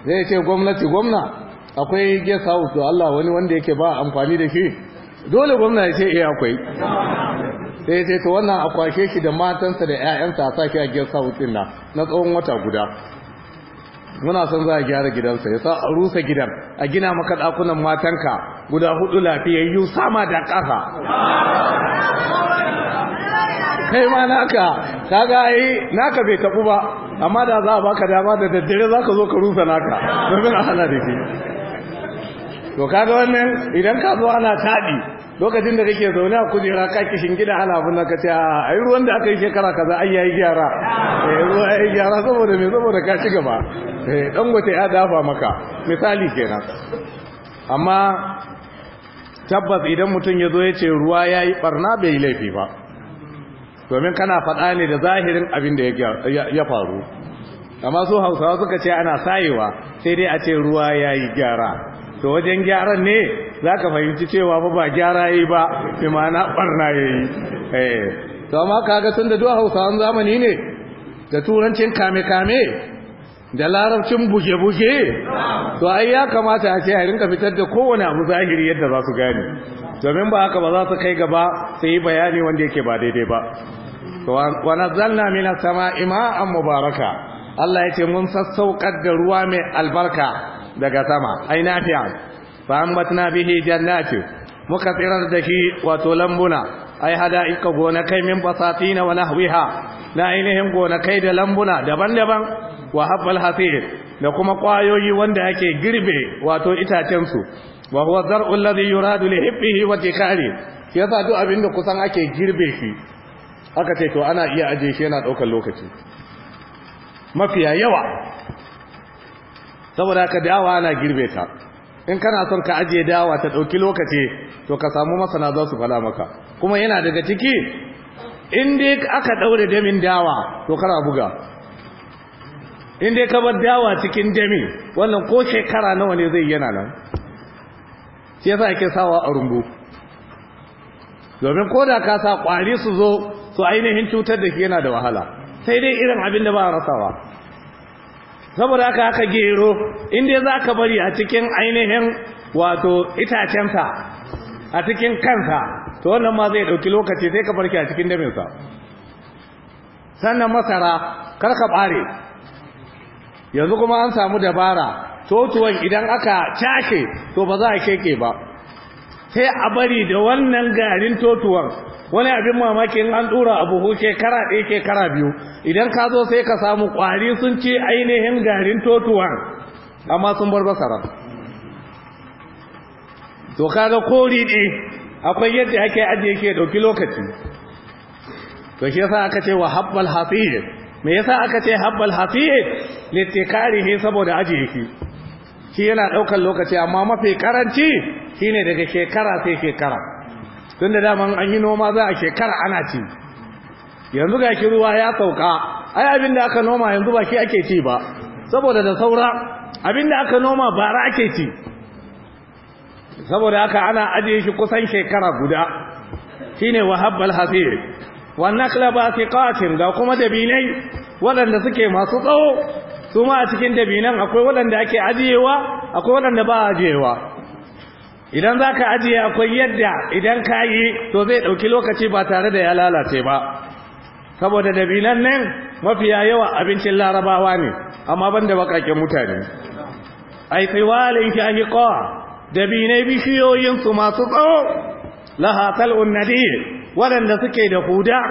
S1: zai ce gwamnati gwamna akwai guest house to Allah wani wanda yake ba amfani da shi dole gwamna ya ce eh akwai sai ya ce to wannan akwashe shi da matansa da ƴaƴansa a sake a guest house din na tsawon wata guda muna son za a gyara gidansa ya sa a rusa gidan a gina maka ɗakunan matanka guda hudu lafiyayyu sama da ƙasa kai ma naka kaga ai naka bai kafu ba amma da za a baka dama da daddare zaka zo ka rusa naka domin a hana da ke to kaga wannan idan ka zo ana taɗi lokacin da kake zaune a kujera ka kishin gida ana abin da ce a yi ruwan da aka yi shekara kaza ai yayi gyara eh ruwa yayi gyara saboda me saboda ka ci gaba eh dan wata ya dafa maka misali kenan amma tabbas idan mutum ya zo ya ce ruwa yayi barna bai laifi ba domin kana faɗa ne da zahirin abin da ya faru amma su hausawa suka ce ana sayewa sai dai a ce ruwa ya yi gyara to wajen gyaran ne za ka fahimci cewa ba ba gyara yi ba fi mana ɓarna ya yi eh, to amma kaga tun da duwa hausawan zamani ne da turancin kame-kame da larabcin buge-buge to ai ya kamata a ce a rinka fitar da kowane abu zahiri yadda za su gane domin ba haka ba za su kai gaba su yi bayani wanda yake ba daidai ba zanna nazzalna minas ima an mubaraka Allah ya ce mun sassaukar da ruwa mai albarka daga sama ai na nafi'a fa ambatna bihi ce muka tsirar da shi wato lambuna ai hada'ika gonakai min na wani hawiha. na ainihin gonakai da lambuna daban-daban wa haɓɓal hasir da kuma kwayoyi wanda ake girbe wato itacensu wa huwa zar'u alladhi yuradu li hibbihi wa tikari yasa duk abinda kusan ake girbe shi aka ce to ana iya aje shi yana daukar lokaci mafiya yawa saboda ka dawa ana girbe ta in kana son ka aje dawa ta dauki lokaci to ka samu masana za su fada maka kuma yana daga ciki in dai aka daure damin dawa to kana buga in dai ka bar dawa cikin dami wannan ko shekara nawa ne zai yana nan sai yasa yake sawa a rumbu domin koda ka sa kwari su zo su ainihin cutar da ke yana da wahala sai dai irin abin da ba a rasawa saboda aka haka gero inda za ka bari a cikin ainihin wato itacensa a cikin kansa to wannan ma zai ɗauki lokaci sai ka barke a cikin daminsa sannan masara kar ka ɓare yanzu kuma an samu dabara totuwan idan aka cake to ba za a keke ba sai a bari da wannan garin totuwan wani abin mamakin an dura abu ko shekara ɗaya shekara biyu idan ka zo sai ka samu ƙwari sun ci ainihin garin totuwan amma sun bar basara to ga kori ɗi akwai yadda ake ajiye ke ɗauki lokaci to shi yasa aka ce wa habbal hafiz me yasa aka ce habbal hafiz ne saboda ajiye shi shi yana ɗaukar lokaci amma mafi karanci shine daga shekara sai shekara tun da daman an yi noma za a shekara ana ci yanzu ga shi ruwa ya sauka ai abin da aka noma yanzu ba shi ake ci ba saboda da saura abin da aka noma bara ake ci saboda aka ana ajiye shi kusan shekara guda shine wahabbal hasir wa nakla basiqatin ga kuma dabinai waɗanda suke masu tsawo su ma a cikin dabinan akwai waɗanda ake ajiyewa akwai waɗanda ba ajiyewa idan za ka ajiye akwai yadda idan ka yi to zai ɗauki lokaci ba tare da ya lalace ba saboda dabinan nan mafiya yawa abincin larabawa ne amma ban da baƙaƙen mutane ai yi kowa dabinai bishiyoyinsu masu tsawo laha tal'un nadir waɗanda suke da huda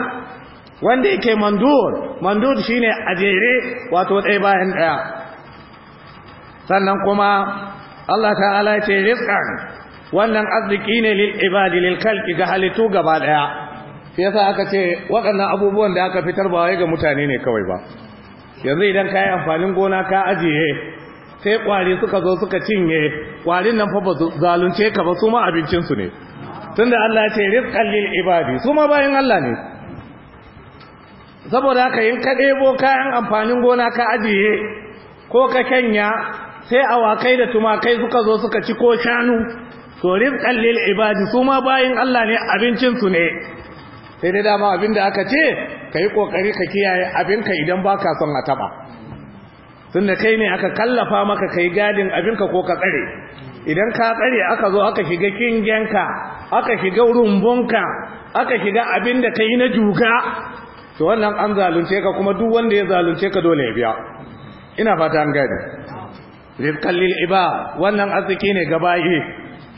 S1: wanda yake mandur mandud shine ajere wato ɗaya bayan ɗaya sannan kuma Allah ta'ala ya ce rizqan wannan arziki ne lil ibadi lil khalqi ga halittu gaba daya sai yasa aka ce waɗannan abubuwan da aka fitar ba wai ga mutane ne kawai ba yanzu idan ka yi amfanin gona ka ajiye sai kwari suka zo suka cinye kwarin nan fa ba zalunce ka ba su ma abincin ne tunda Allah ya ce rizqan lil ibadi su ma bayan Allah ne saboda haka in ka ɗebo kayan amfanin gona ka ajiye ko ka kenya sai awakai da tumakai suka zo suka ci ko shanu to rizqan lil ibadi su ma bayin Allah ne abincin su ne sai da dama abin da aka ce kai kokari ka kiyaye abinka idan baka son a taba tunda kai ne aka kallafa maka kai gadin abin ka ko ka tsare idan ka tsare aka zo aka shiga kingenka aka shiga rumbunka aka shiga abin da kai na juga to wannan an zalunce ka kuma duk wanda ya zalunce ka dole ya biya ina fata an gani rizqan lil iba wannan arziki ne ga bayi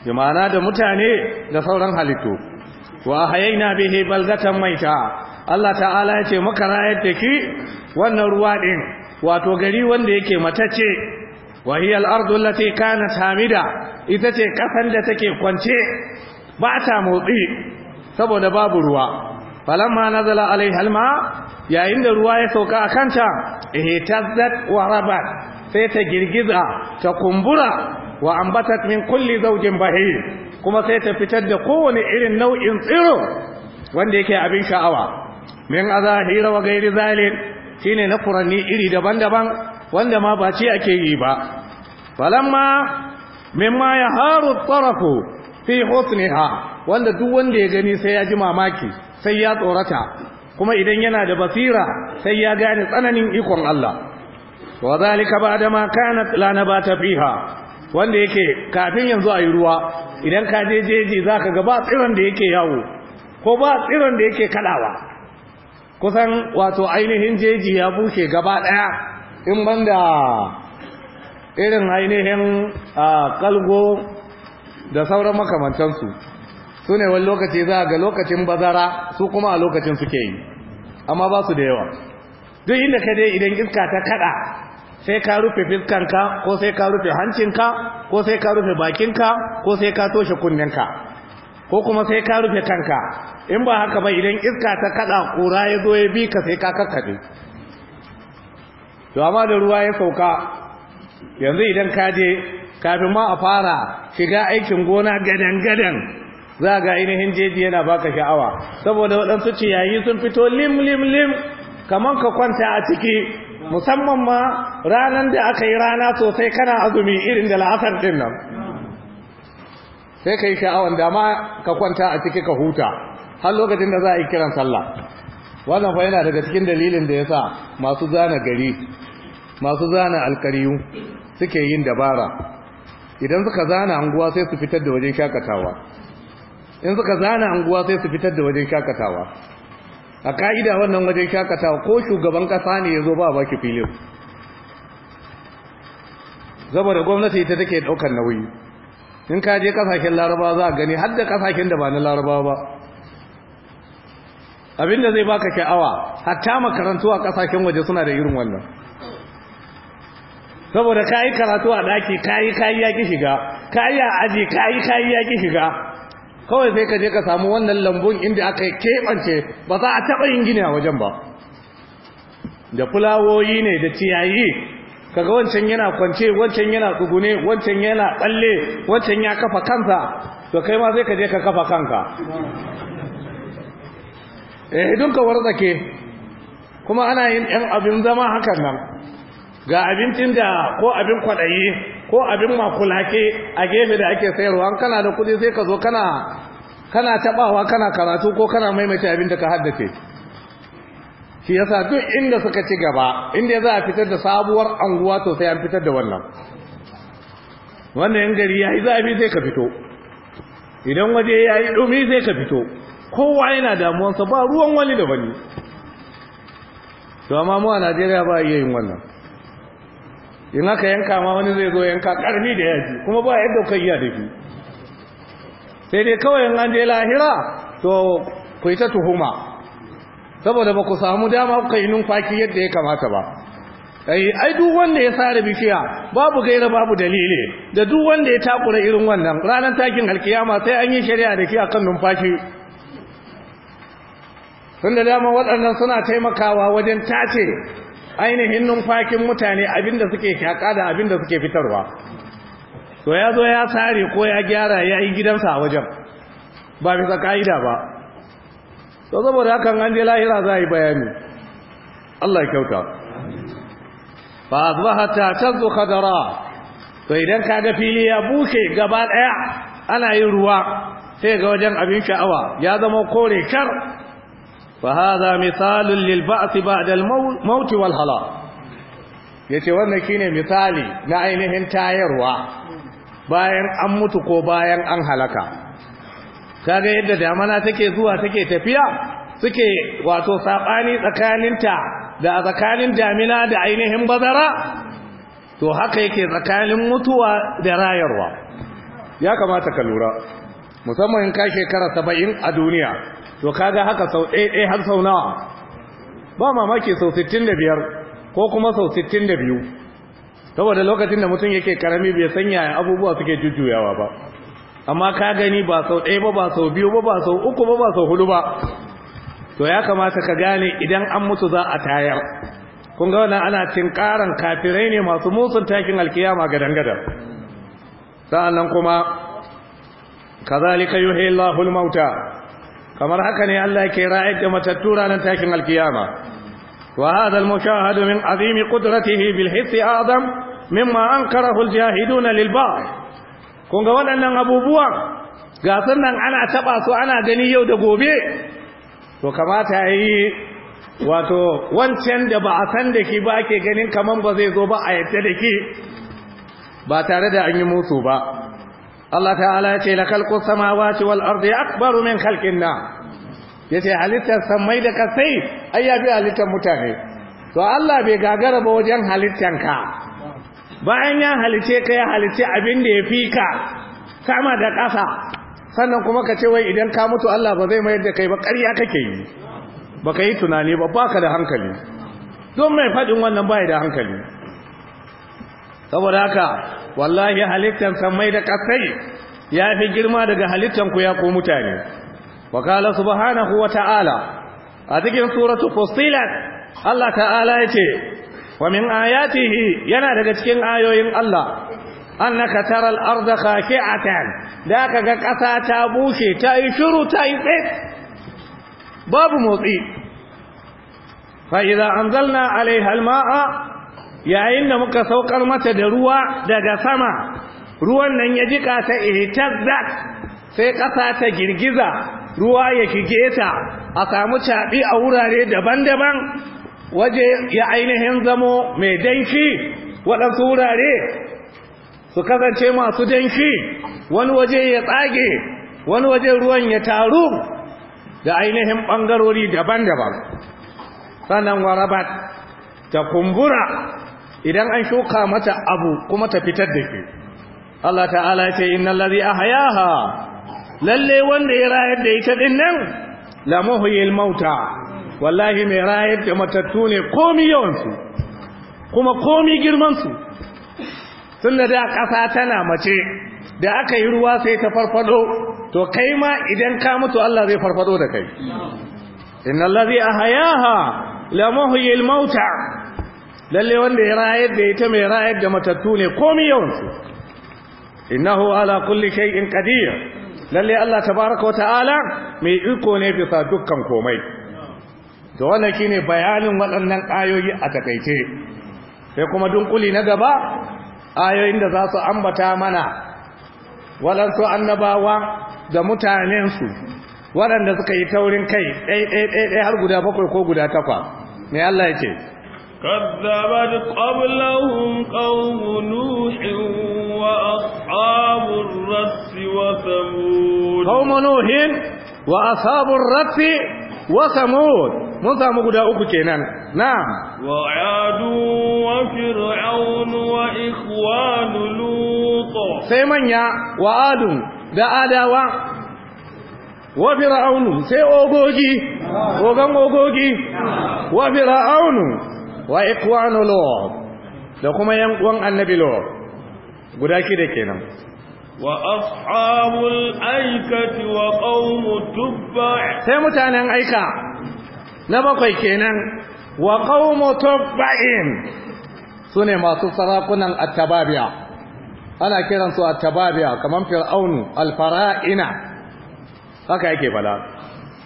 S1: bi da mutane da sauran halittu wa hayaina bihi balgatan maita Allah ta'ala ya ce muka rayar da ki wannan ruwa din wato gari wanda yake matace wa hiya al-ardu allati kanat hamida ita ce kasan da take kwance ba ta motsi saboda babu ruwa falamma nazala alai alma yayin da ruwa ya sauka a kanta ihtazzat wa rabat sai ta girgiza ta kumbura wa ambatat min kulli zawjin bahir kuma sai ta fitar da kowane irin nau'in tsiro wanda yake abin sha'awa min azahira wa gairi zalil shine na furanni iri daban-daban wanda ma ba ce ake yi ba falamma mimma yaharu tarafu fi husniha wanda duk wanda ya gani sai ya ji mamaki sai ya tsorata kuma idan yana da basira sai ya gane tsananin ikon Allah wa zalika ba'da ma kanat la nabata fiha wanda yake kafin yanzu ayi ruwa idan ka je jeji zaka ga ba tsiran da yake yawo ko ba tsiran da yake kadawa kusan wato ainihin jeji ya buke gaba daya in banda irin ainihin ah, kalgo da sauran makamantansu su ne wani lokaci za ga lokacin bazara su kuma a lokacin suke yi amma ba su da yawa duk inda ka dai idan iska ta kada sai ka rufe fiskanka ko sai ka rufe hancinka ko sai ka rufe bakinka ko sai ka toshe kunninka ko kuma sai ka rufe kanka in ba haka ba idan iska ta kada kura ya zo ya bi ka sai ka kakkaɗe to amma da ruwa ya sauka yanzu idan ka je kafin ma a fara shiga aikin gona gadan gadan za ga ainihin jeji yana baka sha'awa saboda waɗansu ciyayi sun fito lim lim lim kamar ka kwanta a ciki musamman ma ranar da aka yi rana sosai kana azumi irin da la'asar ɗin nan sai ka yi sha'awan ma ka kwanta a ciki ka huta har lokacin da za a yi kiran sallah wannan fa yana daga cikin dalilin da ya sa masu zana gari masu zana alkariyu suke yin dabara idan suka zana anguwa sai su fitar da wajen shakatawa in suka zana anguwa sai su fitar da wajen shakatawa a ka'ida wannan wajen shakatawa ko shugaban kasa ne ya zo ba baki filin saboda gwamnati ita take daukar nauyi in ka je kasashen laraba za a gani har da kasashen da ba na laraba ba abinda zai baka sha'awa hatta makarantu a kasashen waje suna da irin wannan saboda ka yi karatu a ɗaki ka yi kayi ya ki shiga ka yi a aji ka yi kayi ya ki shiga kawai sai ka je ka samu wannan lambun inda aka keɓance ba za a taɓa yin gini a wajen ba da fulawoyi ne da ciyayi kaga wancan yana kwance wancan yana tsugune wancan yana tsalle wancan ya kafa kansa to kai ma sai ka je ka kafa kanka eh dun ka warzake kuma ana yin ɗan abin zama hakan nan ga abincin da ko abin kwaɗayi ko abin makulake a gefe da ake sayarwa an kana da kudi sai ka zo kana kana tabawa kana karatu ko kana maimaita abin da ka haddace shi yasa duk inda suka ci gaba inda za a fitar da sabuwar anguwa to sai an fitar da wannan wannan yan gari yayi zafi sai ka fito idan waje yayi dumi sai ka fito kowa yana damuwansa ba ruwan wani da wani to amma mu a Najeriya ba iya yin wannan in aka yanka ma wani zai zo yanka karni da yaji kuma ba yadda kai ya dafi sai dai kawai in an je lahira to ku ta tuhuma saboda ba ku samu dama ku yi numfaki yadda ya kamata ba ai ai duk wanda ya sare bishiya babu gaira babu dalili da duk wanda ya takura irin wannan ranar takin alkiyama sai an yi shari'a da shi akan numfashi tun da dama waɗannan suna taimakawa wajen tace ainihin numfakin mutane abinda suke shaƙa da abinda suke fitarwa to ya zo ya sare ko ya gyara ya yi gidansa a wajen ba bisa ka'ida ba to saboda hakan an je lahira za a yi bayani Allah ya kyauta hatta can zo rawa. to idan ka ga fili ya bushe gaba ɗaya. ana yin ruwa sai ga wajen abin sha'awa ya zama kore kar فهذا مثال للبعث بعد الموت والهلاك yace wannan shine misali na ainihin tayarwa bayan an mutu ko bayan an halaka kaga yadda damana take zuwa take tafiya suke wato sabani tsakaninta da tsakanin damina da ainihin bazara to haka yake tsakanin mutuwa da rayarwa ya kamata ka lura musamman in ka shekara 70 a duniya to kaga haka sau ɗaya eh, eh, har sau nawa ba mamaki sau da biyar ko kuma sau sittin da 62 saboda lokacin da mutum yake karami bai yaya abubuwa suke jujjuyawa ba amma ka gani ba sau ɗaya ba ba sau biyu ba ba sau uku ba ba sau hudu ba to ya kamata ka gane idan an mutu za a tayar kun ga wannan ana tinkaran kafirai ne masu musun takin alkiyama gadan-gadan sa'annan kuma kazalika yuhi Allahul mauta kamar haka ne Allah ke ra'ayar da matattu ranar takin alkiyama wa hada azimi min azim qudratihi bil hiss adam mimma ankarahu al lil ba'd kun ga waɗannan abubuwa ga sannan ana taba su ana gani yau da gobe to kamata yayi wato wancan da ba a san da ki ba ke ganin kaman ba zai zo ba a yadda dake? ba tare da an yi musu ba Allah ta'ala ya ce la khalqu samawati wal ardi akbaru min khalqin na yace halittar samai da kasai ai ya bi halittar mutane to Allah bai gagara ba wajen halittar ka bayan ya halice ka ya halice abin da ya fi ka sama da ƙasa sannan kuma ka ce wai idan ka mutu Allah ba zai mayar da kai ba ƙarya kake yi baka yi tunani ba baka da hankali don mai fadin wannan bai da hankali saboda haka wallahi halittan samai da kasai ya fi girma daga halittan ku ya ku mutane wa subhanahu wa ta'ala a cikin suratu fusilat Allah ta'ala yace wa min ayatihi yana daga cikin ayoyin Allah annaka taral arda khaki'atan da kaga kasa ta bushe ta yi shiru ta yi tsit babu motsi fa idza anzalna alaiha alma'a yayin da muka saukar mata da ruwa daga sama ruwan nan ya jika ta ihtazzat eh, sai ƙasa ta girgiza ruwa ya shige ta a samu cabi a wurare daban-daban waje ya ainihin zamo mai danshi waɗansu wurare su kasance masu danshi wani waje ya tsage wani waje ruwan ya taru da ainihin ɓangarori daban-daban sannan warabat ta kumbura idan an shuka mata abu kuma ta fitar da ke, Allah ta'ala ya ce lallai a hayaha, lalle wanda ya rayar da ita din nan la mauta wallahi mai rayar da matattu ne komi yawansu kuma komi girman su tunda da ƙasa tana mace da aka yi ruwa sai ta farfado to kai ma idan ka mutu Allah zai farfado da kai innal ladhi ahyaha la muhyil mauta lalle wanda ya rayar da ita mai rayar da matattu ne komai yawansu innahu ala kulli shay'in qadir lalle Allah tabaaraka wa ta'ala mai iko ne bisa dukkan komai to wannan shine bayanin waɗannan ayoyi a takaice sai kuma dunkuli na gaba ayoyin da za su ambata mana waɗansu annabawa da mutanensu waɗanda suka yi taurin kai ɗai ɗai ɗai har guda bakwai ko guda takwa mai Allah ya ce
S2: كذبت قبلهم قوم نوح وأصحاب الرس وثمود
S1: قوم نوح وأصحاب الرس وثمود mun samu guda uku kenan na'am wa adu
S2: wa fir'aun wa ikhwan lut
S1: sai manya wa da adawa wa fir'aun sai ogogi ogan ogogi wa fir'aun wa ikwanu lot da kuma uwan annabi lot guda kida kenan
S2: wa ashabul aikati wa qaumu tubba sai
S1: mutanen aika na bakwai kenan wa qaumu tubba'in sune masu sarakunan attababiya ana kiransu attababiya kaman fir'aunu alfara'ina haka yake bala.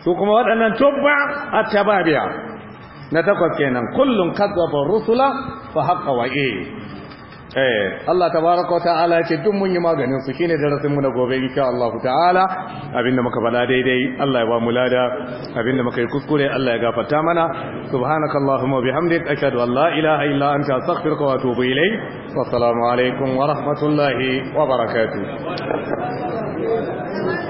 S1: su kuma waɗannan tubba attababiya na takwas kenan kullun kadzaba rusula fa haqqa wa'i eh Allah tabaaraka ta'ala ce duk mun yi maganin su shine darasin mu na gobe insha Allah ta'ala abinda muka bala daidai Allah ya ba mu lada abinda muka yi kuskure Allah ya gafarta mana subhanakallahumma bihamdik ashhadu an la ilaha illa anta astaghfiruka wa atubu ilayk wa assalamu alaikum wa rahmatullahi wa
S3: barakatuh